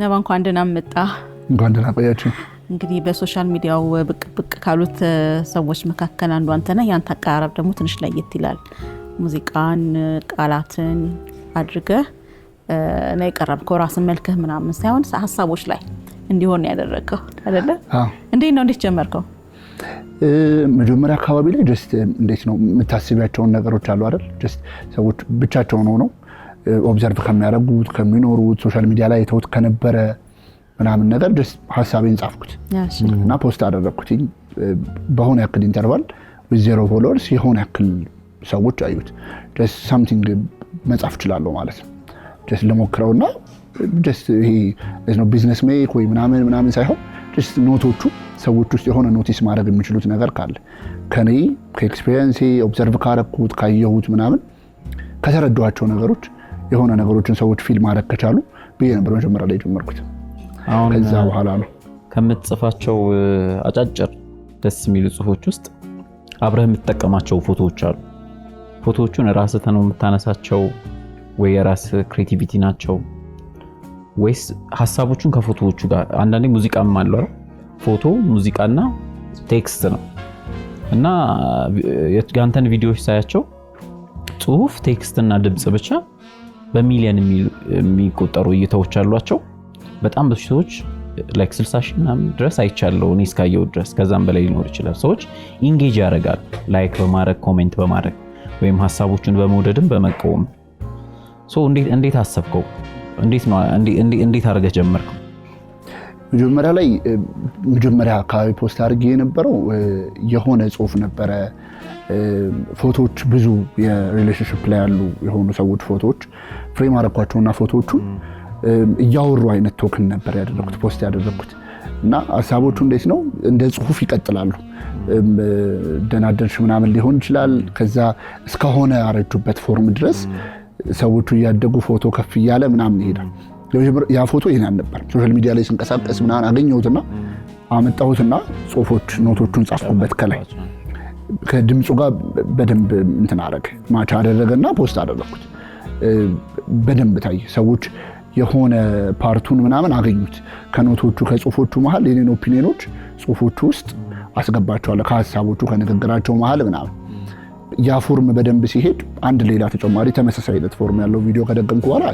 ነባ እንኳን ደህና መጣ። እንኳን ደህና ቆያችሁ። እንግዲህ በሶሻል ሚዲያው ብቅ ብቅ ካሉት ሰዎች መካከል አንዱ አንተ ነህ። ያንተ አቀራረብ ደግሞ ትንሽ ለየት ይላል። ሙዚቃን፣ ቃላትን አድርገህ ነው የቀረብከው። ራስን መልክህ ምናምን ሳይሆን ሀሳቦች ላይ እንዲሆን ያደረግከው አይደለ? እንዴት ነው? እንዴት ጀመርከው? መጀመሪያ አካባቢ ላይ ጀስት እንዴት ነው የምታስቢያቸውን ነገሮች አሉ አይደል? ጀስት ሰዎች ብቻቸውን ሆነው ኦብዘርቭ ከሚያደርጉት ከሚኖሩት ሶሻል ሚዲያ ላይ የተውት ከነበረ ምናምን ነገር ደስ ሀሳቤን ጻፍኩት እና ፖስት አደረግኩትኝ። በሆነ ያክል ኢንተርቫል ዜሮ ፎሎወርስ የሆነ ያክል ሰዎች አዩት። ደስ ሳምቲንግ መጻፍ እችላለሁ ማለት ነው። ደስ እና ደስ ይሄ ቢዝነስ ሜክ ወይ ምናምን ምናምን ሳይሆን ደስ ኖቶቹ ሰዎች ውስጥ የሆነ ኖቲስ ማድረግ የሚችሉት ነገር ካለ ከኔ ከኤክስፔሪንሴ ኦብዘርቭ ካረኩት ካየሁት ምናምን ከተረዷቸው ነገሮች የሆነ ነገሮችን ሰዎች ፊል ማድረግ ከቻሉ ብዬ ነበር መጀመሪያ ላይ የጀመርኩት። ከዛ በኋላ ነው ከምትጽፋቸው አጫጭር ደስ የሚሉ ጽሁፎች ውስጥ አብረህ የምትጠቀማቸው ፎቶዎች አሉ። ፎቶዎቹን ራስህ ነው የምታነሳቸው ወይ የራስ ክሬቲቪቲ ናቸው ወይስ ሀሳቦቹን ከፎቶዎቹ ጋር? አንዳንዴ ሙዚቃም አለ። ፎቶ ሙዚቃና ቴክስት ነው እና የአንተን ቪዲዮዎች ሳያቸው ጽሁፍ ቴክስትና ድምፅ ብቻ በሚሊየን የሚቆጠሩ እይታዎች አሏቸው። በጣም ብዙ ሰዎች ላይክ 60 ሺህ ምናምን ድረስ አይቻለሁ እኔ እስካየው ድረስ ከዛም በላይ ሊኖር ይችላል። ሰዎች ኢንጌጅ ያደርጋል ላይክ በማድረግ ኮሜንት በማድረግ ወይም ሀሳቦቹን በመውደድም በመቃወም። እንዴት አሰብከው? እንዴት አድርገህ ጀመርክ? መጀመሪያ ላይ መጀመሪያ አካባቢ ፖስት አድርጌ የነበረው የሆነ ጽሁፍ ነበረ። ፎቶዎች ብዙ የሪሌሽንሽፕ ላይ ያሉ የሆኑ ሰዎች ፎቶዎች ፍሬም አረኳቸውና ፎቶዎቹ እያወሩ አይነት ቶክን ነበር ያደረኩት ፖስት ያደረኩት እና ሀሳቦቹ እንዴት ነው እንደ ጽሁፍ ይቀጥላሉ። ደናደርሽ ምናምን ሊሆን ይችላል። ከዛ እስከሆነ አረጁበት ፎርም ድረስ ሰዎቹ እያደጉ ፎቶ ከፍ እያለ ምናምን ይሄዳል። ያ ፎቶ ይህን ነበር። ሶሻል ሚዲያ ላይ ስንቀሳቀስ ምናምን አገኘሁትና አመጣሁትና ጽሁፎች ኖቶቹን ጻፍኩበት ከላይ ከድምፁ ጋር በደንብ እንትን አደረገ ማቻ አደረገና ፖስት አደረግኩት። በደንብ ታይ ሰዎች የሆነ ፓርቱን ምናምን አገኙት። ከኖቶቹ ከጽሁፎቹ መሀል የኔን ኦፒኒዮኖች ጽሁፎቹ ውስጥ አስገባቸዋለሁ ከሀሳቦቹ ከንግግራቸው መሀል ምናምን ያ ፎርም በደንብ ሲሄድ አንድ ሌላ ተጨማሪ ተመሳሳይ አይነት ፎርም ያለው ቪዲዮ ከደገምኩ በኋላ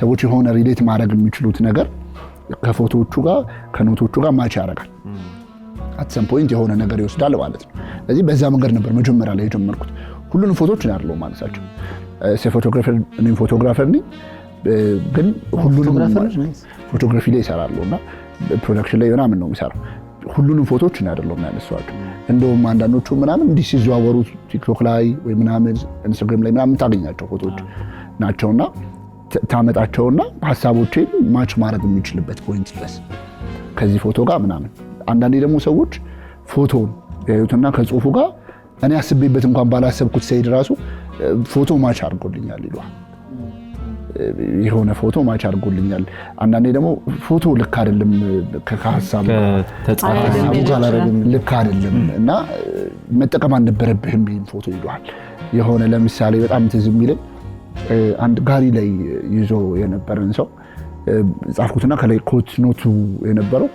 ሰዎች የሆነ ሪሌት ማድረግ የሚችሉት ነገር ከፎቶዎቹ ጋር ከኖቶቹ ጋር ማች ያደርጋል። አትሰም ፖይንት የሆነ ነገር ይወስዳል ማለት ነው። ስለዚህ በዛ መንገድ ነበር መጀመሪያ ላይ የጀመርኩት። ሁሉንም ፎቶዎች ነው ያለው ማለታቸው ፎቶግራፈር ፎቶግራፈር ነኝ፣ ግን ሁሉንም ፎቶግራፊ ላይ ይሰራሉ እና ፕሮዳክሽን ላይ ምናምን ነው የሚሰራው ሁሉንም ፎቶዎች እኔ አይደለሁም ያነሳኋቸው። እንደውም አንዳንዶቹ ምናምን እንዲህ ሲዘዋወሩ ቲክቶክ ላይ ወይ ምናምን ኢንስታግራም ላይ ምናምን ታገኛቸው ፎቶዎች ናቸውና ታመጣቸውና ሀሳቦቼን ማች ማድረግ የሚችልበት ፖይንት ድረስ ከዚህ ፎቶ ጋር ምናምን። አንዳንዴ ደግሞ ሰዎች ፎቶን ያዩትና ከጽሁፉ ጋር እኔ አስቤበት እንኳን ባላሰብኩት ሰይድ ራሱ ፎቶ ማች አድርጎልኛል ይሏል። የሆነ ፎቶ ማች አድርጎልኛል። አንዳንዴ ደግሞ ፎቶ ልክ አይደለም ከሀሳብ ልክ አይደለም እና መጠቀም አልነበረብህም ይህም ፎቶ ይሏል። የሆነ ለምሳሌ በጣም ትዝ የሚልን አንድ ጋሪ ላይ ይዞ የነበረን ሰው ጻፍኩትና ከላይ ኮት ኖቱ የነበረው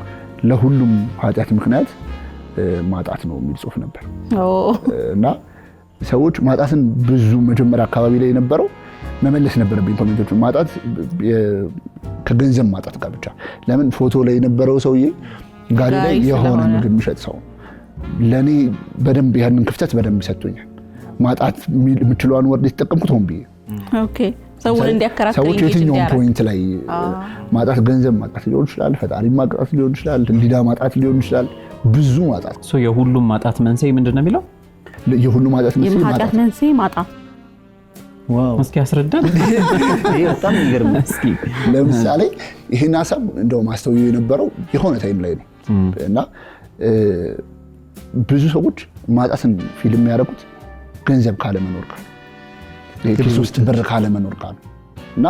ለሁሉም ኃጢአት ምክንያት ማጣት ነው የሚል ጽሁፍ ነበር እና ሰዎች ማጣትን ብዙ መጀመሪያ አካባቢ ላይ የነበረው መመለስ ነበረብኝ ኮሜንቶቹን። ማጣት ከገንዘብ ማጣት ጋር ብቻ ለምን ፎቶ ላይ የነበረው ሰውዬ ጋሪ ላይ የሆነ ምግብ የሚሸጥ ሰው ለእኔ በደንብ ያንን ክፍተት በደንብ ይሰጡኛል። ማጣት የምችለዋን ወርድ የተጠቀምኩት ሆን ብዬ ሰዎች የትኛውን ፖይንት ላይ ማጣት ገንዘብ ማጣት ሊሆን ይችላል፣ ፈጣሪ ማጣት ሊሆን ይችላል፣ ሊዳ ማጣት ሊሆን ይችላል። ብዙ ማጣት የሁሉም ማጣት መንስኤ ምንድን ነው የሚለው የሁሉም ማጣት መንስኤ ማጣት እስኪ አስረዳል። ይሄ በጣም የሚገርም እስኪ ለምሳሌ ይህን ሀሳብ እንደው አስተውየ የነበረው የሆነ ታይም ላይ ነው እና ብዙ ሰዎች ማጣትን ፊልም የሚያደርጉት ገንዘብ ካለመኖር ካለ ኪስ ውስጥ ብር ካለመኖር ካለ እና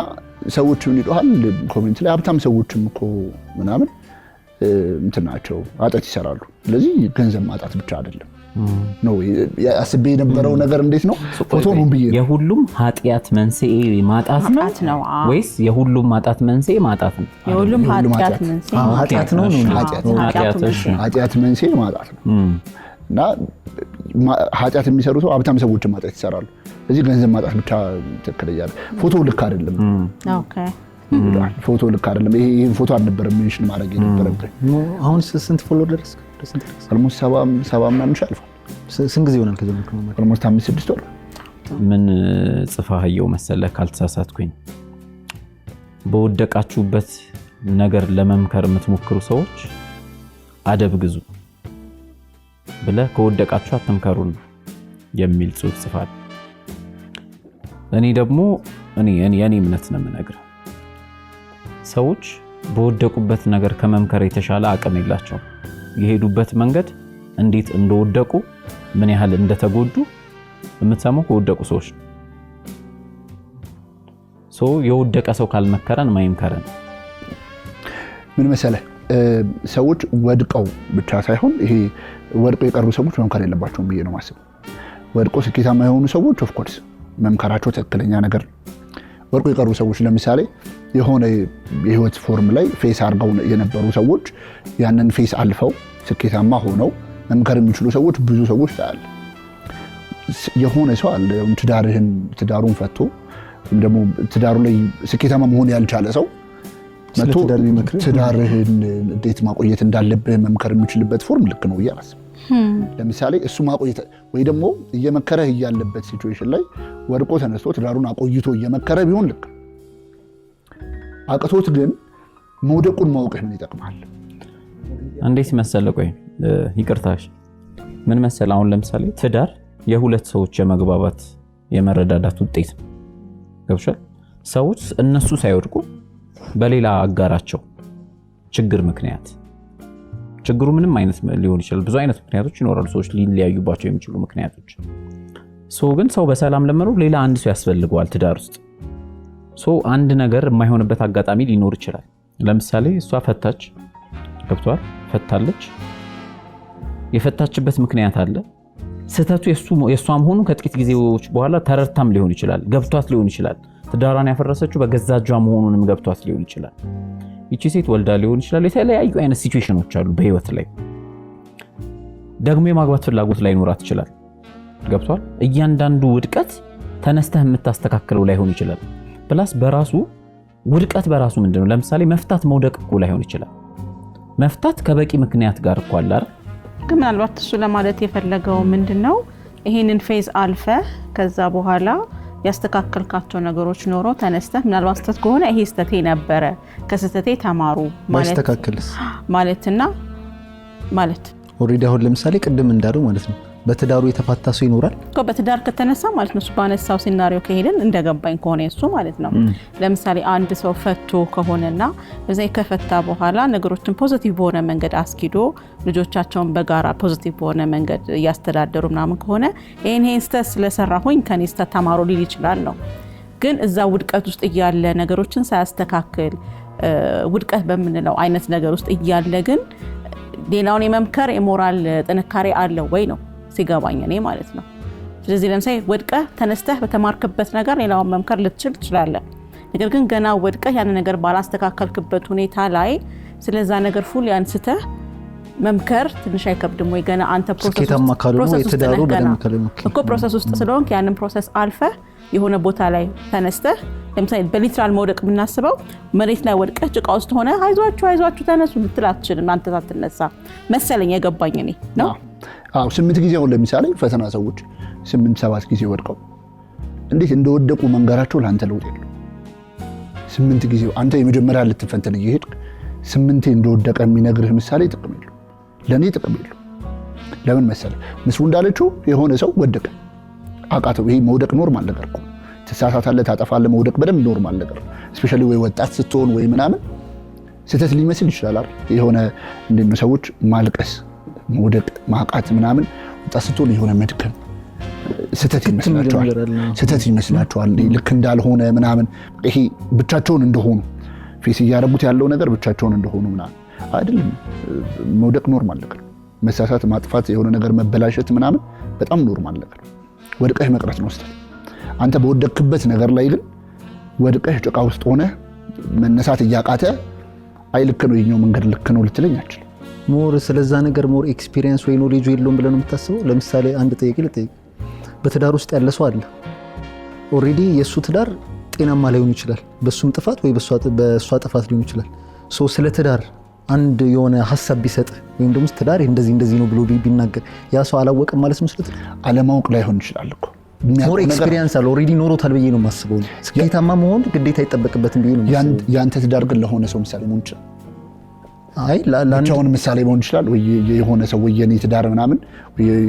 ሰዎች ምን ይጠሃል ኮሜንት ላይ ሀብታም ሰዎችም እኮ ምናምን እንትን ናቸው አጠት ይሰራሉ። ስለዚህ ገንዘብ ማጣት ብቻ አይደለም ነው አስቤ የነበረው ነገር እንዴት ነው ፎቶ ነው ብዬ የሁሉም ኃጢአት መንስኤ ማጣት ነው ወይስ የሁሉም ማጣት መንስኤ ማጣት ነው? የሁሉም ኃጢአት ነው። ኃጢአት መንስኤ ማጣት ነው እና ኃጢአት የሚሰሩ ሰው ሀብታም ሰዎች ማጣት ይሰራሉ። እዚህ ገንዘብ ማጣት ብቻ ትክክል ፎቶ ልክ አይደለም። ፎቶ ልክ አይደለም። ይሄ ፎቶ አልነበረም ሜንሽን ማድረግ የነበረብህ። አሁን ስንት ፎሎ ደረስክ? ኦልሞስት ሰባ ምናምን ሺህ አልፏል። ስንት ጊዜ አምስት ስድስት ወር ምን ጽፋህየው ካልተሳሳትኩኝ በወደቃችሁበት ነገር ለመምከር የምትሞክሩ ሰዎች አደብ ግዙ ብለ ከወደቃችሁ አትምከሩን የሚል ጽሁፍ ጽፋል። እኔ ደግሞ የእኔ እምነት ነው የምነግርህ፣ ሰዎች በወደቁበት ነገር ከመምከር የተሻለ አቅም የላቸውም። የሄዱበት መንገድ እንዴት እንደወደቁ ምን ያህል እንደተጎዱ የምትሰሙ ከወደቁ ሰዎች ሶ የወደቀ ሰው ካልመከረን ማይምከረን ምን መሰለ ሰዎች ወድቀው ብቻ ሳይሆን ይሄ ወድቀው የቀሩ ሰዎች መምከር የለባቸውም ብዬ ነው ማስብ። ወድቆ ስኬታማ የሆኑ ሰዎች ኦፍኮርስ መምከራቸው ትክክለኛ ነገር። ወድቆ የቀሩ ሰዎች ለምሳሌ የሆነ የህይወት ፎርም ላይ ፌስ አድርገው የነበሩ ሰዎች ያንን ፌስ አልፈው ስኬታማ ሆነው መምከር የሚችሉ ሰዎች ብዙ ሰዎች ታያለ። የሆነ ሰው አለ ትዳርህን ትዳሩን ፈቶ ወይም ደግሞ ትዳሩ ላይ ስኬታማ መሆን ያልቻለ ሰው መቶ ትዳርህን እንዴት ማቆየት እንዳለብህ መምከር የሚችልበት ፎርም ልክ ነው ብዬ አላስብም። hmm. ለምሳሌ እሱ ማቆየት ወይ ደግሞ እየመከረህ እያለበት ሲቹዌሽን ላይ ወድቆ ተነስቶ ትዳሩን አቆይቶ እየመከረ ቢሆን ልክ አቅቶት ግን መውደቁን ማወቅህ ምን ይጠቅማል? እንዴት መሰለ፣ ቆይ ይቅርታሽ፣ ምን መሰለ፣ አሁን ለምሳሌ ትዳር የሁለት ሰዎች የመግባባት የመረዳዳት ውጤት ነው። ሰዎች እነሱ ሳይወድቁ በሌላ አጋራቸው ችግር ምክንያት ችግሩ ምንም አይነት ሊሆን ይችላል። ብዙ አይነት ምክንያቶች ይኖራሉ፣ ሰዎች ሊለያዩባቸው የሚችሉ ምክንያቶች። ሰው ግን ሰው በሰላም ለመኖር ሌላ አንድ ሰው ያስፈልገዋል ትዳር ውስጥ ሶ አንድ ነገር የማይሆንበት አጋጣሚ ሊኖር ይችላል። ለምሳሌ እሷ ፈታች፣ ገብቷል፣ ፈታለች። የፈታችበት ምክንያት አለ። ስህተቱ የእሷ መሆኑ ከጥቂት ጊዜዎች በኋላ ተረድታም ሊሆን ይችላል፣ ገብቷት ሊሆን ይችላል። ትዳሯን ያፈረሰችው በገዛ እጇ መሆኑንም ገብቷት ሊሆን ይችላል። ይቺ ሴት ወልዳ ሊሆን ይችላል። የተለያዩ አይነት ሲዌሽኖች አሉ በህይወት ላይ። ደግሞ የማግባት ፍላጎት ላይኖራት ይችላል። ገብቷል። እያንዳንዱ ውድቀት ተነስተህ የምታስተካክለው ላይሆን ይችላል። ፕላስ በራሱ ውድቀት በራሱ ምንድነው? ለምሳሌ መፍታት መውደቅ እኮ ላይሆን ይችላል። መፍታት ከበቂ ምክንያት ጋር እኮ አለ አይደል? ግን ምናልባት እሱ ለማለት የፈለገው ምንድነው ይሄንን ፌዝ አልፈ ከዛ በኋላ ያስተካከልካቸው ነገሮች ኖሮ ተነስተህ ምናልባት ስህተት ከሆነ ይሄ ስህተቴ ነበረ፣ ከስህተቴ ተማሩ ማስተካከልስ ማለትና ማለት ኦልሬዲ አሁን ለምሳሌ ቅድም እንዳለው ማለት ነው በትዳሩ የተፋታ ሰው ይኖራል። በትዳር ከተነሳ ማለት ነው እሱ ባነሳው ሲናሪዮ ከሄደን እንደገባኝ ከሆነ እሱ ማለት ነው። ለምሳሌ አንድ ሰው ፈቶ ከሆነና እዛ ከፈታ በኋላ ነገሮችን ፖዘቲቭ በሆነ መንገድ አስኪዶ ልጆቻቸውን በጋራ ፖዘቲቭ በሆነ መንገድ እያስተዳደሩ ምናምን ከሆነ ይህን ስተ ስለሰራሁኝ ከኔ ስተ ተማሮ ሊል ይችላል ነው። ግን እዛ ውድቀት ውስጥ እያለ ነገሮችን ሳያስተካክል ውድቀት በምንለው አይነት ነገር ውስጥ እያለ ግን ሌላውን የመምከር የሞራል ጥንካሬ አለው ወይ ነው ሲገባኝ እኔ ማለት ነው። ስለዚህ ለምሳሌ ወድቀህ ተነስተህ በተማርክበት ነገር ሌላውን መምከር ልትችል ትችላለህ። ነገር ግን ገና ወድቀህ ያን ነገር ባላስተካከልክበት ሁኔታ ላይ ስለዛ ነገር ፉል አንስተህ መምከር ትንሽ አይከብድም ወይ? ገና አንተ ፕሮሰስ ውስጥ ስለሆንክ ያንን ፕሮሰስ አልፈህ የሆነ ቦታ ላይ ተነስተህ ለምሳሌ በሊትራል መውደቅ የምናስበው መሬት ላይ ወድቀህ ጭቃ ውስጥ ሆነ አይዟችሁ አይዟችሁ ተነሱ ልትል አትችልም። አንተ ሳትነሳ መሰለኝ የገባኝ እኔ ነው። ስምንት ጊዜ አሁን ለምሳሌ ፈተና ሰዎች ስምንት ሰባት ጊዜ ወድቀው እንዴት እንደወደቁ መንገራቸው ለአንተ ለውጥ የለውም። ስምንት ጊዜ አንተ የመጀመሪያ ልትፈተን እየሄድክ ስምንቴ እንደወደቀ የሚነግርህ ምሳሌ ጥቅም የለውም። ለእኔ ጥቅም የለ። ለምን መሰለ ምስሉ እንዳለችው የሆነ ሰው ወደቀ፣ አቃተው። ይሄ መውደቅ ኖርማል ነገር እኮ ትሳሳታለህ፣ ታጠፋለህ። መውደቅ በደንብ ኖርማል ነገር እስፔሻሊ ወይ ወጣት ስትሆን ወይ ምናምን ስህተት ሊመስል ይችላል። የሆነ እንደ ሰዎች ማልቀስ፣ መውደቅ፣ ማቃት ምናምን ወጣት ስትሆን የሆነ መድከም ስህተት ይመስላቸዋል። ስህተት ይመስላቸዋል ልክ እንዳልሆነ ምናምን ይሄ ብቻቸውን እንደሆኑ ፌስ እያደረጉት ያለው ነገር ብቻቸውን እንደሆኑ ምናምን አይደለም። መውደቅ ኖርማል ነገር መሳሳት፣ ማጥፋት፣ የሆነ ነገር መበላሸት ምናምን በጣም ኖርማል ነገር ወድቀህ መቅረት ነው ስህተት። አንተ በወደክበት ነገር ላይ ግን ወድቀህ ጭቃ ውስጥ ሆነ መነሳት እያቃተ አይ ልክ ነው የኛው መንገድ ልክ ነው ልትለኝ አችል ሞር ስለዛ ነገር ሞር ኤክስፒሪየንስ ወይ ኖሌጅ የለውም ብለን የምታስበው። ለምሳሌ አንድ ጥያቄ ልጠይቅ። በትዳር ውስጥ ያለ ሰው አለ ኦልሬዲ የእሱ ትዳር ጤናማ ላይሆን ይችላል። በእሱም ጥፋት ወይ በእሷ ጥፋት ሊሆን ይችላል። ሶ ስለ ትዳር አንድ የሆነ ሀሳብ ቢሰጥ ወይም ደግሞ ስትዳር እንደዚህ እንደዚህ ነው ብሎ ቢናገር ያ ሰው አላወቅም ማለት ነው። አለማወቅ ላይሆን ይችላል እኮ ሞር ኤክስፒሪየንስ አለ ኦልሬዲ ኖሮታል ብዬ ነው የማስበው። ስኬታማ መሆን ግዴታ አይጠበቅበትም ብዬ ነው። ያንተ ትዳር ግን ለሆነ ሰው ምሳሌ መሆን ይችላል። አይ ብቻውን ምሳሌ መሆን ይችላል ወይ የሆነ ሰው ወይ የኔ ትዳር ምናምን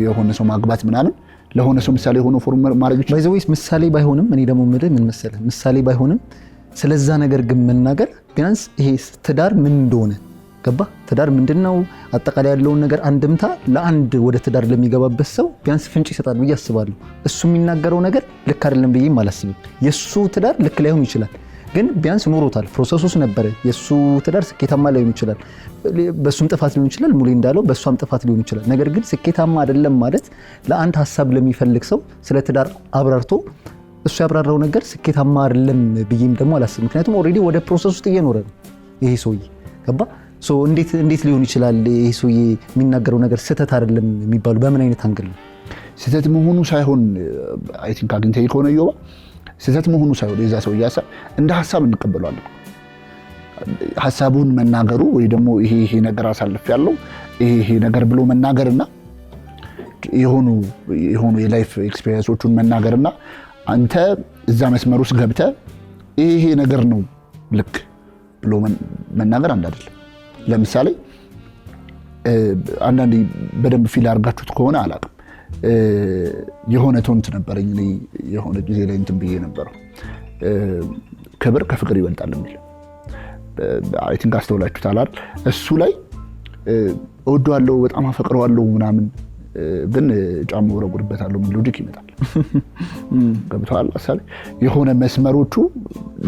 የሆነ ሰው ማግባት ምናምን ለሆነ ሰው ምሳሌ ሆኖ ፎርም ማድረግ ይችላል። ባይ ዘ ዌይስ ምሳሌ ባይሆንም እኔ ደግሞ የምልህ ምን መሰለህ ምሳሌ ባይሆንም ስለዛ ነገር ግን መናገር ቢያንስ ይሄ ትዳር ምን እንደሆነ ገባ። ትዳር ምንድን ነው? አጠቃላይ ያለውን ነገር አንድምታ ለአንድ ወደ ትዳር ለሚገባበት ሰው ቢያንስ ፍንጭ ይሰጣል ብዬ አስባለሁ። እሱ የሚናገረው ነገር ልክ አይደለም ብዬም አላስብም። የእሱ ትዳር ልክ ላይሆን ይችላል፣ ግን ቢያንስ ኖሮታል፣ ፕሮሰሱስ ነበረ። የእሱ ትዳር ስኬታማ ላይሆን ይችላል፣ በእሱም ጥፋት ሊሆን ይችላል፣ ሙሉ እንዳለው በእሷም ጥፋት ሊሆን ይችላል። ነገር ግን ስኬታማ አይደለም ማለት ለአንድ ሀሳብ ለሚፈልግ ሰው ስለ ትዳር አብራርቶ እሱ ያብራራው ነገር ስኬታማ አይደለም ብዬም ደግሞ አላስብ ምክንያቱም ኦልሬዲ ወደ ፕሮሰስ ውስጥ እየኖረ ነው ይሄ ሰውዬ ገባ እንዴት ሊሆን ይችላል ይሄ ሰውዬ የሚናገረው ነገር ስህተት አይደለም የሚባሉ በምን አይነት አንግል ነው? ስህተት መሆኑ ሳይሆን አይ ቲንክ አግኝተኸኝ ከሆነ ዮባ ስህተት መሆኑ ሳይሆን የዛ ሰውዬ ሀሳብ እንደ ሀሳብ እንቀበለዋለን። ሀሳቡን መናገሩ ወይ ደግሞ ይሄ ይሄ ነገር አሳልፍ ያለው ይሄ ይሄ ነገር ብሎ መናገርና የሆኑ የሆኑ የላይፍ ኤክስፔሪንሶቹን መናገርና አንተ እዛ መስመር ውስጥ ገብተህ ይሄ ይሄ ነገር ነው ልክ ብሎ መናገር አንድ አይደለም። ለምሳሌ አንዳንድ በደንብ ፊል አድርጋችሁት ከሆነ አላቅም የሆነ ቶንት ነበረኝ እኔ የሆነ ጊዜ ላይ እንትን ብዬ ነበረው ክብር ከፍቅር ይበልጣል የሚል አይ ቲንክ አስተውላችሁት አላል እሱ ላይ እወደዋለሁ በጣም አፈቅረዋለሁ ምናምን ግን ጫማ እወረውርበታለሁ የሚል ሎጂክ ይመጣል። ገብተዋል ሳሌ የሆነ መስመሮቹ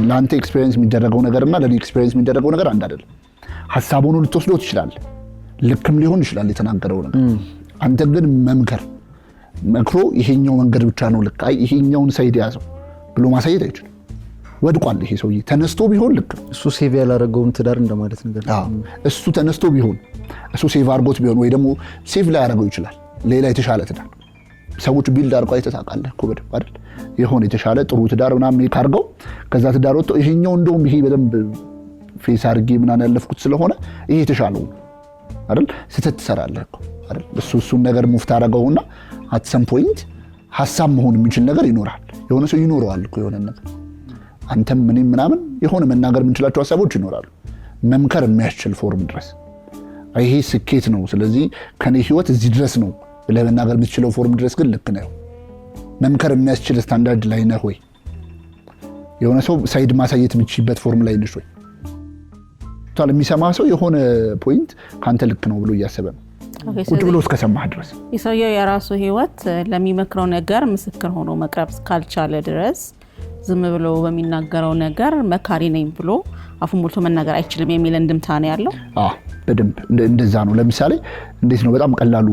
ለአንተ ኤክስፔሪንስ የሚደረገው ነገር እና ለእኔ ኤክስፔሪየንስ የሚደረገው ነገር አንድ አይደለም። ሀሳብ ሆኖ ልትወስዶ ትችላል። ልክም ሊሆን ይችላል የተናገረው ነገር። አንተ ግን መምከር መክሮ ይሄኛው መንገድ ብቻ ነው ልክ፣ አይ ይሄኛውን ሳይድ ያዘው ብሎ ማሳየት አይችልም። ወድቋል ይሄ ሰውዬ። ተነስቶ ቢሆን ልክ እሱ ሴቭ ያላረገውን ትዳር እንደማለት ነገር እሱ ተነስቶ ቢሆን እሱ ሴቭ አርጎት ቢሆን ወይ ደግሞ ሴቭ ላይ ያረገው ይችላል ሌላ የተሻለ ትዳር ሰዎች ቢልድ አድርገው አይተታቃለ ኮበድ አይደል የሆነ የተሻለ ጥሩ ትዳር ምናምን ካርገው ከዛ ትዳር ወጥቶ ይሄኛው እንደውም ይሄ በደንብ ፌስ አድርጌ ምናን ያለፍኩት ስለሆነ ይሄ የተሻለው አይደል? ስህተት ትሰራለህ አይደል? እሱ እሱን ነገር ሙፍት አደረገውና አት ሰም ፖይንት ሀሳብ መሆን የሚችል ነገር ይኖራል። የሆነ ሰው ይኖረዋል እኮ የሆነ ነገር አንተም እኔም ምናምን የሆነ መናገር የምንችላቸው ሀሳቦች ይኖራሉ፣ መምከር የሚያስችል ፎርም ድረስ ይሄ ስኬት ነው፣ ስለዚህ ከኔ ህይወት እዚህ ድረስ ነው ብለህ መናገር የምትችለው ፎርም ድረስ ግን ልክ ነው። መምከር የሚያስችል ስታንዳርድ ላይ ነህ ወይ? የሆነ ሰው ሳይድ ማሳየት የምችልበት ፎርም ላይ ነሽ ወይ? የሚሰማ ሰው የሆነ ፖይንት ከአንተ ልክ ነው ብሎ እያሰበ ነው ቁጭ ብሎ እስከሰማህ ድረስ የሰውየው የራሱ ህይወት ለሚመክረው ነገር ምስክር ሆኖ መቅረብ ካልቻለ ድረስ ዝም ብሎ በሚናገረው ነገር መካሪ ነኝ ብሎ አፉን ሞልቶ መናገር አይችልም የሚል እንድምታ ነው ያለው። በደንብ እንደዛ ነው። ለምሳሌ እንዴት ነው በጣም ቀላሉ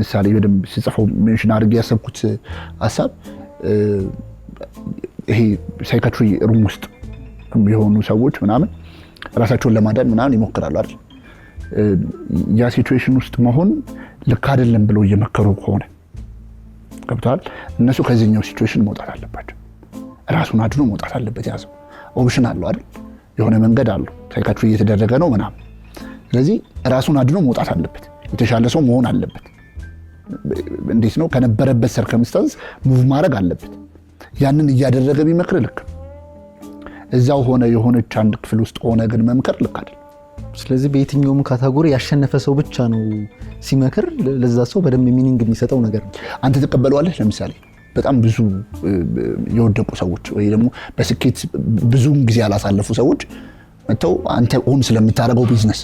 ምሳሌ በደንብ ስጽፈው ሜንሽን አድርጌ ያሰብኩት ሀሳብ ይሄ ሳይካትሪ ሩም ውስጥ የሆኑ ሰዎች ምናምን ራሳቸውን ለማዳን ምናምን ይሞክራሉ አይደል? ያ ሲትዌሽን ውስጥ መሆን ልክ አይደለም ብለው እየመከሩ ከሆነ ገብተዋል። እነሱ ከዚህኛው ሲትዌሽን መውጣት አለባቸው። ራሱን አድኖ መውጣት አለበት። ያዘው ኦፕሽን አለው አይደል? የሆነ መንገድ አለው። ታይካችሁ እየተደረገ ነው ምናምን። ስለዚህ ራሱን አድኖ መውጣት አለበት። የተሻለ ሰው መሆን አለበት። እንዴት ነው? ከነበረበት ሰርከምስታንስ ሙቭ ማድረግ አለበት። ያንን እያደረገ ቢመክር ልክ እዛው ሆነ የሆነች አንድ ክፍል ውስጥ ሆነ ግን መምከር ልክ ስለዚህ በየትኛውም ካታጎሪ ያሸነፈ ሰው ብቻ ነው ሲመክር ለዛ ሰው በደንብ ሚኒንግ የሚሰጠው ነገር ነው። አንተ ትቀበለዋለህ። ለምሳሌ በጣም ብዙ የወደቁ ሰዎች ወይ ደግሞ በስኬት ብዙ ጊዜ ያላሳለፉ ሰዎች መጥተው አንተ ሆን ስለምታደርገው ቢዝነስ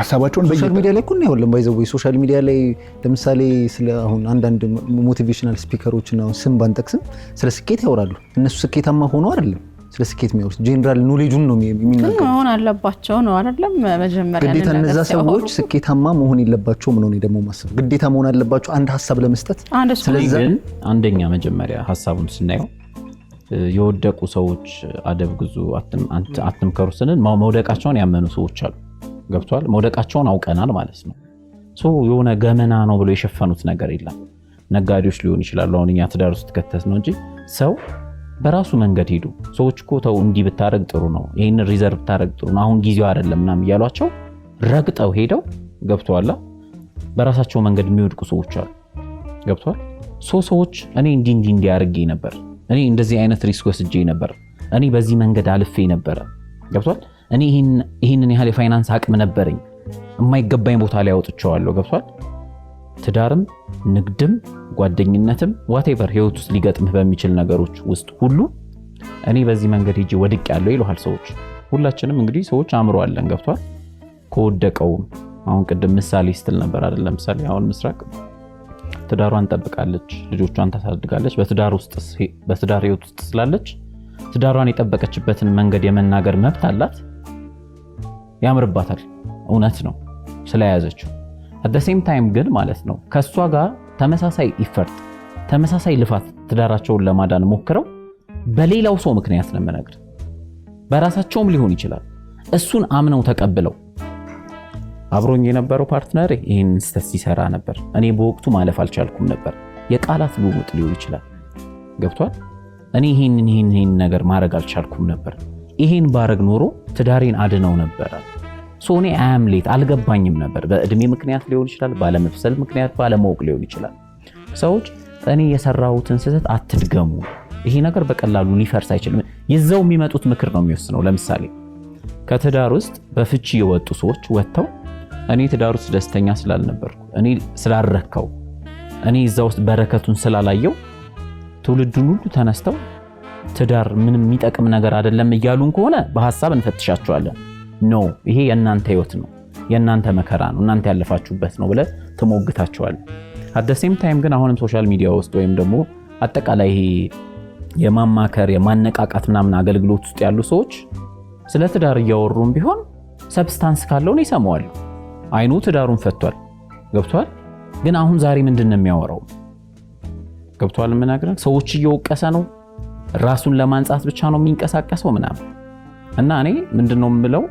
ሀሳባቸውን ሶሻል ሚዲያ ላይ እኮ ነው ያለው። ባይዘው ሶሻል ሚዲያ ላይ ለምሳሌ ስለ አሁን አንዳንድ ሞቲቬሽናል ስፒከሮች ና ስም ባንጠቅስም ስለ ስኬት ያወራሉ። እነሱ ስኬታማ ሆኖ አይደለም ስለ ስኬት የሚያወሩት ጄኔራል ኖሌጁን ነው የሚናገሩት። መሆን አለባቸው ነው አይደለም መጀመሪያ ግዴታ እነዛ ሰዎች ስኬታማ መሆን የለባቸውም ነው ደግሞ ማሰብ ግዴታ መሆን አለባቸው አንድ ሀሳብ ለመስጠት። ስለዚህ አንደኛ መጀመሪያ ሀሳቡን ስናየው የወደቁ ሰዎች አደብ ግዙ አትምከሩ ስንል መውደቃቸውን ያመኑ ሰዎች አሉ። ገብቷል። መውደቃቸውን አውቀናል ማለት ነው። የሆነ ገመና ነው ብሎ የሸፈኑት ነገር የለም። ነጋዴዎች ሊሆን ይችላሉ። አሁን እኛ ትዳር ውስጥ ከተት ነው እንጂ ሰው በራሱ መንገድ ሄዱ። ሰዎች እኮ ተው እንዲህ ብታደረግ ጥሩ ነው፣ ይህን ሪዘርቭ ብታደረግ ጥሩ ነው፣ አሁን ጊዜው አይደለም ምናምን እያሏቸው ረግጠው ሄደው ገብተዋላ። በራሳቸው መንገድ የሚወድቁ ሰዎች አሉ። ገብተዋል። ሶ ሰዎች እኔ እንዲ እንዲ እንዲያደርጌ ነበር፣ እኔ እንደዚህ አይነት ሪስክ ወስጄ ነበር፣ እኔ በዚህ መንገድ አልፌ ነበረ። ገብቷል እኔ ይህንን ያህል የፋይናንስ አቅም ነበረኝ፣ የማይገባኝ ቦታ ላይ አውጥቼዋለሁ። ገብቷል። ትዳርም፣ ንግድም፣ ጓደኝነትም ዋቴቨር ህይወት ውስጥ ሊገጥምህ በሚችል ነገሮች ውስጥ ሁሉ እኔ በዚህ መንገድ ሄጄ ወድቅ ያለው ይለሃል ሰዎች። ሁላችንም እንግዲህ ሰዎች አእምሮ አለን። ገብቷል። ከወደቀውም አሁን ቅድም ምሳሌ ስትል ነበር አይደል? ለምሳሌ አሁን ምስራቅ ትዳሯን ጠብቃለች፣ ልጆቿን ታሳድጋለች። በትዳር ህይወት ውስጥ ስላለች ትዳሯን የጠበቀችበትን መንገድ የመናገር መብት አላት። ያምርባታል። እውነት ነው ስለያዘችው። አደሴም ታይም ግን ማለት ነው ከእሷ ጋር ተመሳሳይ ኢፈርት፣ ተመሳሳይ ልፋት ትዳራቸውን ለማዳን ሞክረው በሌላው ሰው ምክንያት ነው የምነግር፣ በራሳቸውም ሊሆን ይችላል። እሱን አምነው ተቀብለው አብሮኝ የነበረው ፓርትነር ይህን ስህተት ሲሰራ ነበር፣ እኔ በወቅቱ ማለፍ አልቻልኩም ነበር። የቃላት ልውውጥ ሊሆን ይችላል። ገብቷል። እኔ ይህንን ይህን ነገር ማድረግ አልቻልኩም ነበር ይሄን ባረግ ኖሮ ትዳሬን አድነው ነበረ። ሶኔ አያም ሌት አልገባኝም ነበር። በእድሜ ምክንያት ሊሆን ይችላል፣ ባለመብሰል ምክንያት ባለማወቅ ሊሆን ይችላል። ሰዎች እኔ የሰራሁትን ስህተት አትድገሙ። ይሄ ነገር በቀላሉ ሊፈርስ አይችልም። ይዘው የሚመጡት ምክር ነው የሚወስነው። ለምሳሌ ከትዳር ውስጥ በፍቺ የወጡ ሰዎች ወጥተው እኔ ትዳር ውስጥ ደስተኛ ስላልነበርኩ፣ እኔ ስላልረካው፣ እኔ እዛ ውስጥ በረከቱን ስላላየው ትውልዱን ሁሉ ተነስተው ትዳር ምንም የሚጠቅም ነገር አይደለም እያሉን ከሆነ በሀሳብ እንፈትሻቸዋለን። ኖ ይሄ የእናንተ ህይወት ነው፣ የእናንተ መከራ ነው፣ እናንተ ያለፋችሁበት ነው ብለህ ትሞግታቸዋለህ። አደሴም ታይም ግን አሁንም ሶሻል ሚዲያ ውስጥ ወይም ደግሞ አጠቃላይ ይሄ የማማከር የማነቃቃት ምናምን አገልግሎት ውስጥ ያሉ ሰዎች ስለ ትዳር እያወሩም ቢሆን ሰብስታንስ ካለውን ይሰማዋሉ። አይኑ ትዳሩን ፈቷል፣ ገብቷል። ግን አሁን ዛሬ ምንድን ነው የሚያወራው? ገብቷል። የምናገረን ሰዎች እየወቀሰ ነው ራሱን ለማንጻት ብቻ ነው የሚንቀሳቀሰው ምናምን እና እኔ ምንድነው የምለው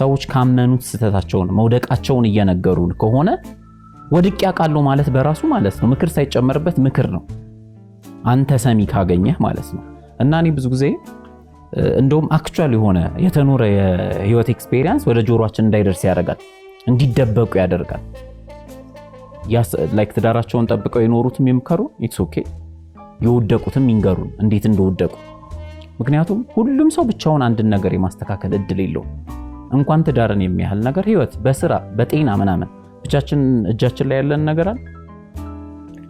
ሰዎች ካመኑት ስህተታቸውን መውደቃቸውን እየነገሩን ከሆነ ወድቅ ያውቃለሁ ማለት በራሱ ማለት ነው ምክር ሳይጨመርበት ምክር ነው። አንተ ሰሚ ካገኘህ ማለት ነው። እና እኔ ብዙ ጊዜ እንደውም አክቹዋል የሆነ የተኖረ የህይወት ኤክስፔሪየንስ ወደ ጆሮችን እንዳይደርስ ያደርጋል፣ እንዲደበቁ ያደርጋል። ላይክ ትዳራቸውን ጠብቀው የኖሩት የሚምከሩ ኢትስ ኦኬ የወደቁትም ይንገሩን እንዴት እንደወደቁ። ምክንያቱም ሁሉም ሰው ብቻውን አንድን ነገር የማስተካከል እድል የለውም። እንኳን ትዳርን የሚያህል ነገር ህይወት፣ በስራ በጤና ምናምን ብቻችን እጃችን ላይ ያለን ነገር አለ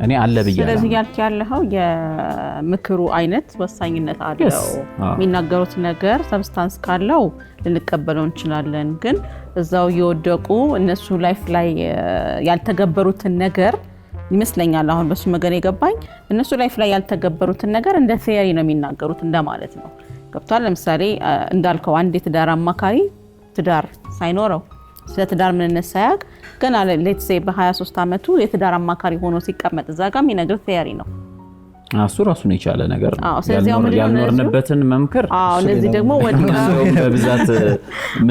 እኔ አለ ብያ። ስለዚህ ያልክ ያለው የምክሩ አይነት ወሳኝነት አለው። የሚናገሩት ነገር ሰብስታንስ ካለው ልንቀበለው እንችላለን። ግን እዛው የወደቁ እነሱ ላይፍ ላይ ያልተገበሩትን ነገር ይመስለኛል አሁን በሱ መገን የገባኝ እነሱ ላይፍ ላይ ያልተገበሩትን ነገር እንደ ቴዎሪ ነው የሚናገሩት እንደማለት ነው። ገብቷል። ለምሳሌ እንዳልከው አንድ የትዳር አማካሪ ትዳር ሳይኖረው ስለ ትዳር ምንነት ሳያውቅ ገና ሌትሴ በ23 ዓመቱ የትዳር አማካሪ ሆኖ ሲቀመጥ እዛ ጋ የሚነግር ቴዎሪ ነው። እሱ ራሱን የቻለ ነገር ያልኖርንበትን መምከር እነዚህ ደግሞ በብዛት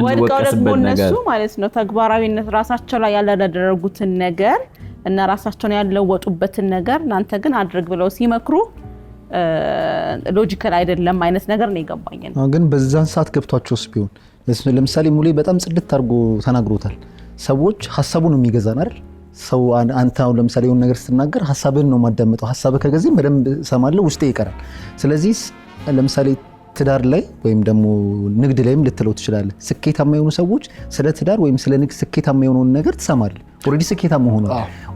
ወድቀው ደግሞ እነሱ ማለት ነው ተግባራዊነት ራሳቸው ላይ ያላደረጉትን ነገር እና ራሳቸውን ያለወጡበትን ነገር ለአንተ ግን አድርግ ብለው ሲመክሩ ሎጂካል አይደለም አይነት ነገር ነው የገባኝ። ግን በዛን ሰዓት ገብቷቸውስ ቢሆን ለምሳሌ ሙሌ በጣም ጽድት አድርጎ ተናግሮታል። ሰዎች ሀሳቡን የሚገዛን አይደል ሰው አንተ አሁን ለምሳሌ የሆነ ነገር ስትናገር ሀሳብህን ነው የማዳምጠው። ሀሳብህ ከገዜም በደንብ እሰማለሁ፣ ውስጤ ይቀራል። ስለዚህ ለምሳሌ ትዳር ላይ ወይም ደግሞ ንግድ ላይም ልትለው ትችላለህ። ስኬታማ የሆኑ ሰዎች ስለ ትዳር ወይም ስለ ንግድ ስኬታማ የሆነውን ነገር ትሰማለህ። ኦልሬዲ ስኬታማ ሆኗል።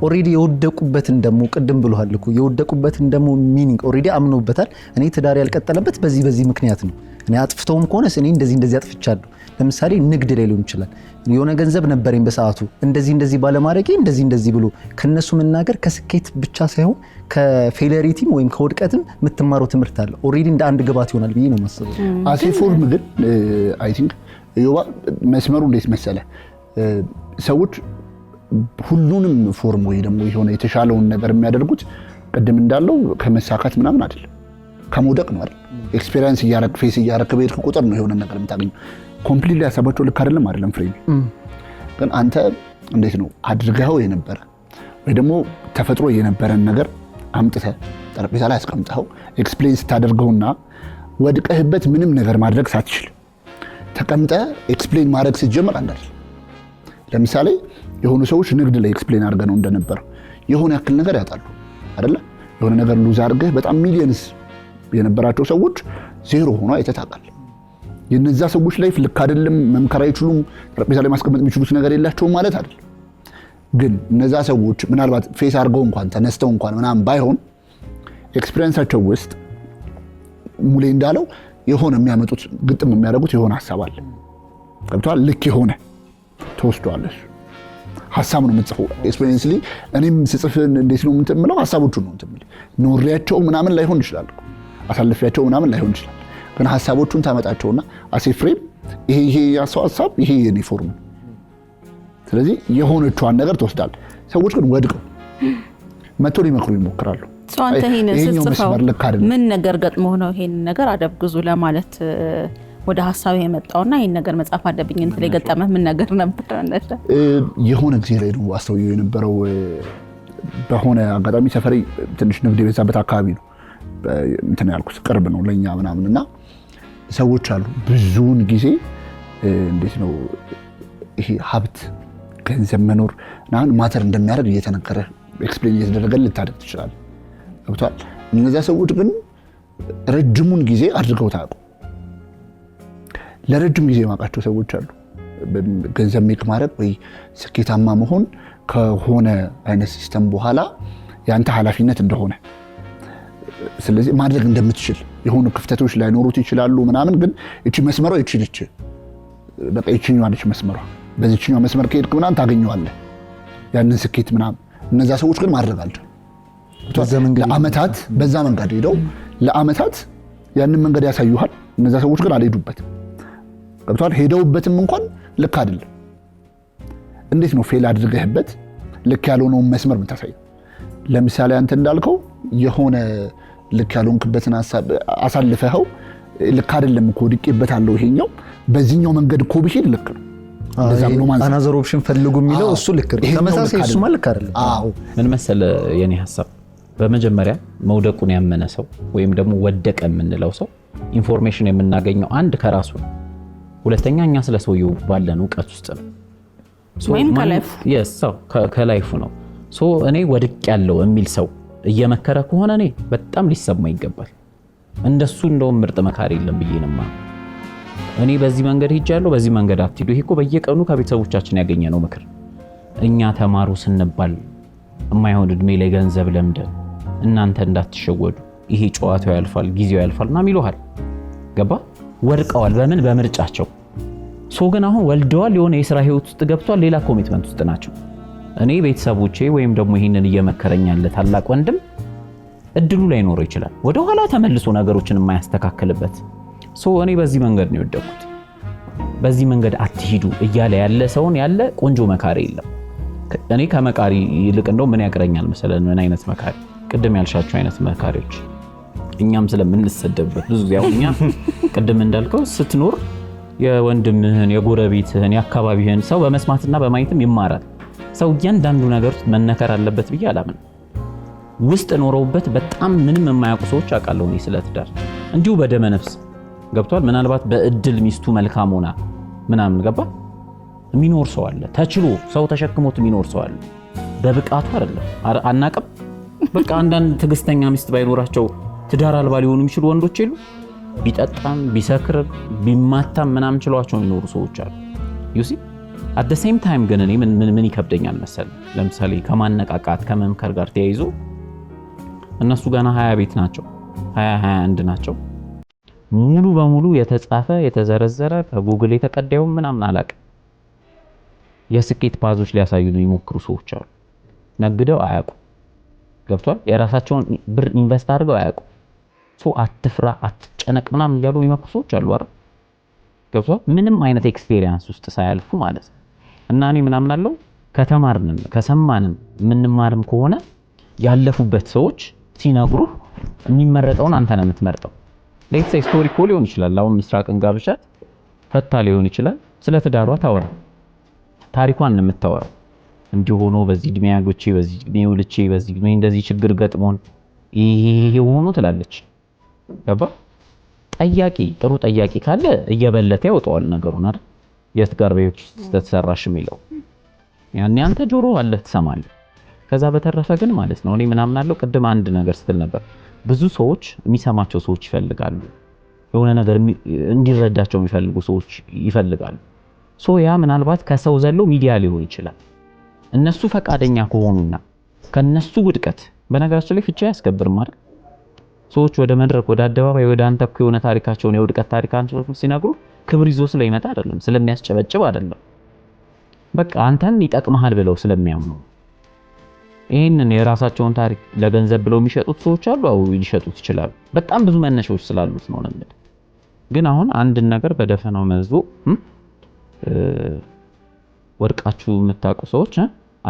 ኦልሬዲ የወደቁበትን ደግሞ ቅድም ብሎሃል እኮ የወደቁበትን ደግሞ ሚኒንግ ኦልሬዲ አምኖበታል። እኔ ትዳር ያልቀጠለበት በዚህ በዚህ ምክንያት ነው። እኔ አጥፍተውም ከሆነስ እኔ እንደዚህ እንደዚህ አጥፍቻለሁ ለምሳሌ ንግድ ላይ ሊሆን ይችላል። የሆነ ገንዘብ ነበረኝ በሰዓቱ እንደዚህ እንደዚህ ባለማድረጌ እንደዚህ እንደዚህ ብሎ ከነሱ መናገር ከስኬት ብቻ ሳይሆን ከፌለሪቲም ወይም ከውድቀትም የምትማረው ትምህርት አለ። ኦልሬዲ እንደ አንድ ግባት ይሆናል ብዬ ነው የማስበው። አሴ ፎርም ግን አይ ቲንክ ዮባ መስመሩ እንዴት መሰለ ሰዎች ሁሉንም ፎርም ወይ ደግሞ የሆነ የተሻለውን ነገር የሚያደርጉት ቅድም እንዳለው ከመሳካት ምናምን አይደለም፣ ከመውደቅ ነው አይደል? ኤክስፔሪንስ እያረግ ፌስ እያረግ በሄድክ ቁጥር ነው የሆነ ነገር የምታገኘው። ኮምፕሊት ሀሳባቸው ልክ አይደለም አይደለም ፍሬ ግን አንተ እንዴት ነው አድርገኸው የነበረ ወይ ደግሞ ተፈጥሮ የነበረን ነገር አምጥተ ጠረጴዛ ላይ አስቀምጠኸው ኤክስፕሌን ስታደርገውና ወድቀህበት ምንም ነገር ማድረግ ሳትችል ተቀምጠ ኤክስፕሌን ማድረግ ሲጀምር አንዳል ለምሳሌ የሆኑ ሰዎች ንግድ ላይ ኤክስፕሌን አድርገ ነው እንደነበር የሆነ ያክል ነገር ያጣሉ አደለ የሆነ ነገር ሉዝ አድርገህ በጣም ሚሊየንስ የነበራቸው ሰዎች ዜሮ ሆኖ አይተታቃል የነዛ ሰዎች ላይፍ ልክ አይደለም፣ መምከር አይችሉም፣ ጠረጴዛ ላይ ማስቀመጥ የሚችሉት ነገር የላቸውም ማለት አይደል። ግን እነዛ ሰዎች ምናልባት ፌስ አድርገው እንኳን ተነስተው እንኳን ምናምን ባይሆን ኤክስፒሪየንሳቸው ውስጥ ሙሌ እንዳለው የሆነ የሚያመጡት ግጥም የሚያደርጉት የሆነ ሀሳብ አለ። ገብቶሃል? ልክ የሆነ ተወስዷል። ሀሳብ ነው የምጽፈው። ኤክስፒሪየንስ እኔም ስጽፍ እንዴት ነው የምትምለው? ሀሳቦቹ ነው የምትምል። ኖሬያቸው ምናምን ላይሆን ይችላል፣ አሳልፊያቸው ምናምን ላይሆን ይችላል ግን ሀሳቦቹን ታመጣቸውና አሴ ፍሬም ይሄ ይሄ ያሰው ሀሳብ ይሄ ነው። ስለዚህ የሆነቿን ነገር ትወስዳል። ሰዎች ግን ወድቀው መቶ ሊመክሩ ይሞክራሉ። አንተ ይሄንን ስትጽፈው ምን ነገር ገጥሞ ነው ይሄን ነገር አደብግዙ ለማለት ወደ ሀሳብ የመጣውና ይህን ነገር መጽሐፍ አለብኝ እንትን የገጠመ ምን ነገር ነበር? የሆነ ጊዜ ላይ ነው አስተውየ የነበረው በሆነ አጋጣሚ ሰፈሬ ትንሽ ንግድ የበዛበት አካባቢ ነው እንትን ያልኩት ቅርብ ነው ለእኛ ምናምን እና ሰዎች አሉ። ብዙውን ጊዜ እንዴት ነው ይሄ ሀብት ገንዘብ መኖር ናን ማተር እንደሚያደርግ እየተነገረ ኤክስፕሌን እየተደረገ ልታደርግ ትችላል። ገብቷል። እነዚያ ሰዎች ግን ረጅሙን ጊዜ አድርገው ታቁ ለረጅም ጊዜ የማውቃቸው ሰዎች አሉ። ገንዘብ ሜክ ማድረግ ወይ ስኬታማ መሆን ከሆነ አይነት ሲስተም በኋላ የአንተ ኃላፊነት እንደሆነ ስለዚህ ማድረግ እንደምትችል የሆኑ ክፍተቶች ላይኖሩት ይችላሉ ምናምን፣ ግን እቺ መስመሯ ይችልች በቃ ይችኛዋ ነች መስመሯ። በዚችኛዋ መስመር ከሄድክ ምናምን ታገኘዋለህ ያንን ስኬት ምናምን። እነዛ ሰዎች ግን ማድረግ አልቻሉም። ለአመታት በዛ መንገድ ሄደው ለአመታት ያንን መንገድ ያሳዩሃል። እነዛ ሰዎች ግን አልሄዱበትም። ገብቷል። ሄደውበትም እንኳን ልክ አይደለም። እንዴት ነው ፌል አድርገህበት ልክ ያልሆነውን መስመር የምታሳየው? ለምሳሌ አንተ እንዳልከው የሆነ ልክ ያልሆንክበትን አሳልፈኸው ልክ አይደለም እኮ አለው ይሄኛው በዚህኛው መንገድ እኮ ብሄድ ልክ ነው አናዘር ኦፕሽን ፈልጉ የሚለው እሱ ልክ ነው። ተመሳሳይ እሱማ ልክ አይደለም። ምን መሰለ የኔ ሀሳብ በመጀመሪያ መውደቁን ያመነ ሰው ወይም ደግሞ ወደቀ የምንለው ሰው ኢንፎርሜሽን የምናገኘው አንድ ከራሱ ነው። ሁለተኛ እኛ ስለ ሰውየው ባለን እውቀት ውስጥ ነው፣ ከላይፉ ነው። እኔ ወድቅ ያለው የሚል ሰው እየመከረ ከሆነ እኔ በጣም ሊሰማ ይገባል። እንደሱ እንደውም ምርጥ መካሪ የለም ብዬንማ እኔ በዚህ መንገድ ሄጃለሁ፣ በዚህ መንገድ አትሂዱ። ይሄ እኮ በየቀኑ ከቤተሰቦቻችን ያገኘ ነው ምክር። እኛ ተማሩ ስንባል የማይሆን እድሜ ላይ ገንዘብ ለምደን እናንተ እንዳትሸወዱ፣ ይሄ ጨዋታው ያልፋል፣ ጊዜው ያልፋል ናም ይሉሃል። ገባ ወድቀዋል። በምን በምርጫቸው ሶ ግን አሁን ወልደዋል፣ የሆነ የስራ ህይወት ውስጥ ገብቷል፣ ሌላ ኮሚትመንት ውስጥ ናቸው። እኔ ቤተሰቦቼ ወይም ደግሞ ይህንን እየመከረኝ ያለ ታላቅ ወንድም እድሉ ላይኖረው ይችላል። ወደኋላ ተመልሶ ነገሮችን የማያስተካክልበት ሶ እኔ በዚህ መንገድ ነው የወደኩት፣ በዚህ መንገድ አትሂዱ እያለ ያለ ሰውን ያለ ቆንጆ መካሪ የለም። እኔ ከመቃሪ ይልቅ እንደው ምን ያቅረኛል መሰለን ምን አይነት መካሪ፣ ቅድም ያልሻቸው አይነት መካሪዎች እኛም ስለምንሰደብበት ብዙ ጊዜ እኛ ቅድም እንዳልከው ስትኖር የወንድምህን የጎረቤትህን የአካባቢህን ሰው በመስማትና በማየትም ይማራል። ሰው እያንዳንዱ ነገር ውስጥ መነከር አለበት ብዬ አላምን። ውስጥ ኖረውበት በጣም ምንም የማያውቁ ሰዎች አውቃለሁ እኔ ስለ ትዳር እንዲሁ በደመ ነፍስ ገብቷል። ምናልባት በእድል ሚስቱ መልካም ሆና ምናምን ገባ የሚኖር ሰው አለ። ተችሎ ሰው ተሸክሞት የሚኖር ሰው አለ። በብቃቱ አይደለም አናቅም። በቃ አንዳንድ ትዕግስተኛ ሚስት ባይኖራቸው ትዳር አልባ ሊሆኑ የሚችሉ ወንዶች የሉ። ቢጠጣም ቢሰክርም ቢማታም ምናምን ችሏቸው የሚኖሩ ሰዎች አሉ ዩሲ አት ሴም ታይም ግን እኔ ምን ምን ይከብደኛል መሰል፣ ለምሳሌ ከማነቃቃት ከመምከር ጋር ተያይዞ እነሱ ገና ሀያ ቤት ናቸው፣ ሀያ ሀያ አንድ ናቸው። ሙሉ በሙሉ የተጻፈ የተዘረዘረ በጉግል የተቀዳዩ ምናምን አላውቅም። የስኬት ባዞች ሊያሳዩ የሚሞክሩ ሰዎች አሉ። ነግደው አያውቁም። ገብቷል። የራሳቸውን ብር ኢንቨስት አድርገው አያውቁ አትፍራ፣ አትጨነቅ ምናምን እያሉ የሚመክሩ ሰዎች አሉ አይደል ገብቷል። ምንም አይነት ኤክስፔሪየንስ ውስጥ ሳያልፉ ማለት ነው። እና እኔ ምናምናለው ከተማርንም ከሰማንም የምንማርም ከሆነ ያለፉበት ሰዎች ሲነግሩ የሚመረጠውን አንተ ነው የምትመርጠው። ሌትስ ስቶሪ ኮ ሊሆን ይችላል። አሁን ምስራቅን ጋብቻት ፈታ ሊሆን ይችላል። ስለ ትዳሯ ታወራ፣ ታሪኳን ነው የምታወራው። እንዲህ ሆኖ በዚህ እድሜ ያጎቼ፣ በዚህ እድሜ ውልቼ፣ በዚህ እድሜ እንደዚህ ችግር ገጥሞን ይሄ ሆኖ ትላለች። ገባ ጠያቂ ጥሩ ጠያቂ ካለ እየበለተ ያወጣዋል ነገሩን አይደል? የት ጋር ቤት ስትሰራሽ የሚለው ያኔ አንተ ጆሮ አለ ትሰማለህ። ከዛ በተረፈ ግን ማለት ነው እኔ ምናምን አለው ቅድም አንድ ነገር ስትል ነበር። ብዙ ሰዎች የሚሰማቸው ሰዎች ይፈልጋሉ፣ የሆነ ነገር እንዲረዳቸው የሚፈልጉ ሰዎች ይፈልጋሉ። ሶ ያ ምናልባት ከሰው ዘሎ ሚዲያ ሊሆን ይችላል። እነሱ ፈቃደኛ ከሆኑና ከነሱ ውድቀት በነገራችን ላይ ፍቻ ያስከብር ማለት ሰዎች ወደ መድረክ ወደ አደባባይ ወደ አንተ እኮ የሆነ ታሪካቸውን የውድቀት ታሪካቸውን ሲነግሩ ክብር ይዞ ስለሚመጣ አይደለም፣ ስለሚያስጨበጭብ አይደለም፣ በቃ አንተን ይጠቅመሃል ብለው ስለሚያምኑ ይህንን የራሳቸውን ታሪክ ለገንዘብ ብለው የሚሸጡት ሰዎች አሉ። አዎ ሊሸጡት ይችላሉ። በጣም ብዙ መነሻዎች ስላሉት ነው። ግን አሁን አንድን ነገር በደፈናው መዞ ወድቃችሁ የምታውቁ ሰዎች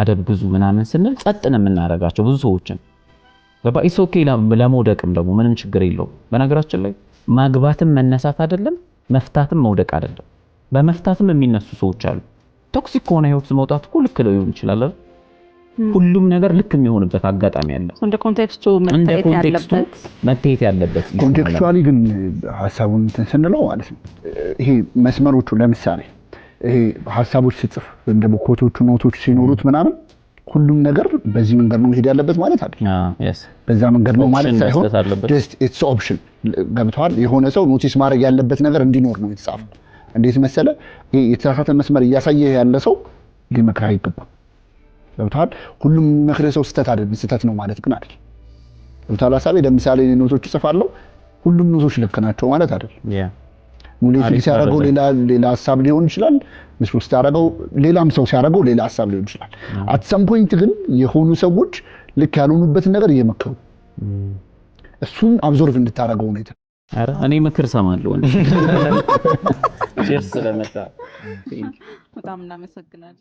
አደብ ግዙ ምናምን ስንል ጸጥ የምናደርጋቸው ብዙ ሰዎችን። ገባ ኢስ ኦኬ ለመውደቅም ደግሞ ምንም ችግር የለውም። በነገራችን ላይ ማግባትም መነሳት አይደለም፣ መፍታትም መውደቅ አይደለም። በመፍታትም የሚነሱ ሰዎች አሉ። ቶክሲክ ከሆነ ህይወት መውጣት እኮ ልክ ሊሆን ይችላል። ሁሉም ነገር ልክ የሚሆንበት አጋጣሚ አለ። እንደ ኮንቴክስቱ መታየት ያለበት ኮንቴክስቹዋሊ ግን ሀሳቡን እንትን ስንለው ማለት ነው ይሄ መስመሮቹ ለምሳሌ ይሄ ሀሳቦች ስጽፍ እንደ ኮቶቹ ኖቶች ሲኖሩት ምናምን ሁሉም ነገር በዚህ መንገድ ነው መሄድ ያለበት ማለት አለ። በዛ መንገድ ነው ማለት ሳይሆን ኢትስ ኦፕሽን ገብተዋል። የሆነ ሰው ኖቲስ ማድረግ ያለበት ነገር እንዲኖር ነው የተጻፈ። እንዴት መሰለ የተሳሳተ መስመር እያሳየ ያለ ሰው ሊመክር አይገባም። ገብተዋል። ሁሉም የሚመክርህ ሰው ስህተት አይደለም ስህተት ነው ማለት ግን አይደል። ገብተዋል ሀሳቤ። ለምሳሌ ኖቶች እጽፋለሁ፣ ሁሉም ኖቶች ልክ ናቸው ማለት አይደል? ሙኒቲ ሲያደረገው ሌላ ሌላ ሀሳብ ሊሆን ይችላል። ምስሉ ሲያደርገው ሌላም ሰው ሲያደረገው ሌላ ሀሳብ ሊሆን ይችላል። አትሰም ፖይንት ግን የሆኑ ሰዎች ልክ ያልሆኑበትን ነገር እየመከሩ እሱን አብዞርቭ እንድታደረገው ሁኔታ እኔ ምክር ሰማለሁ። በጣም እናመሰግናለን።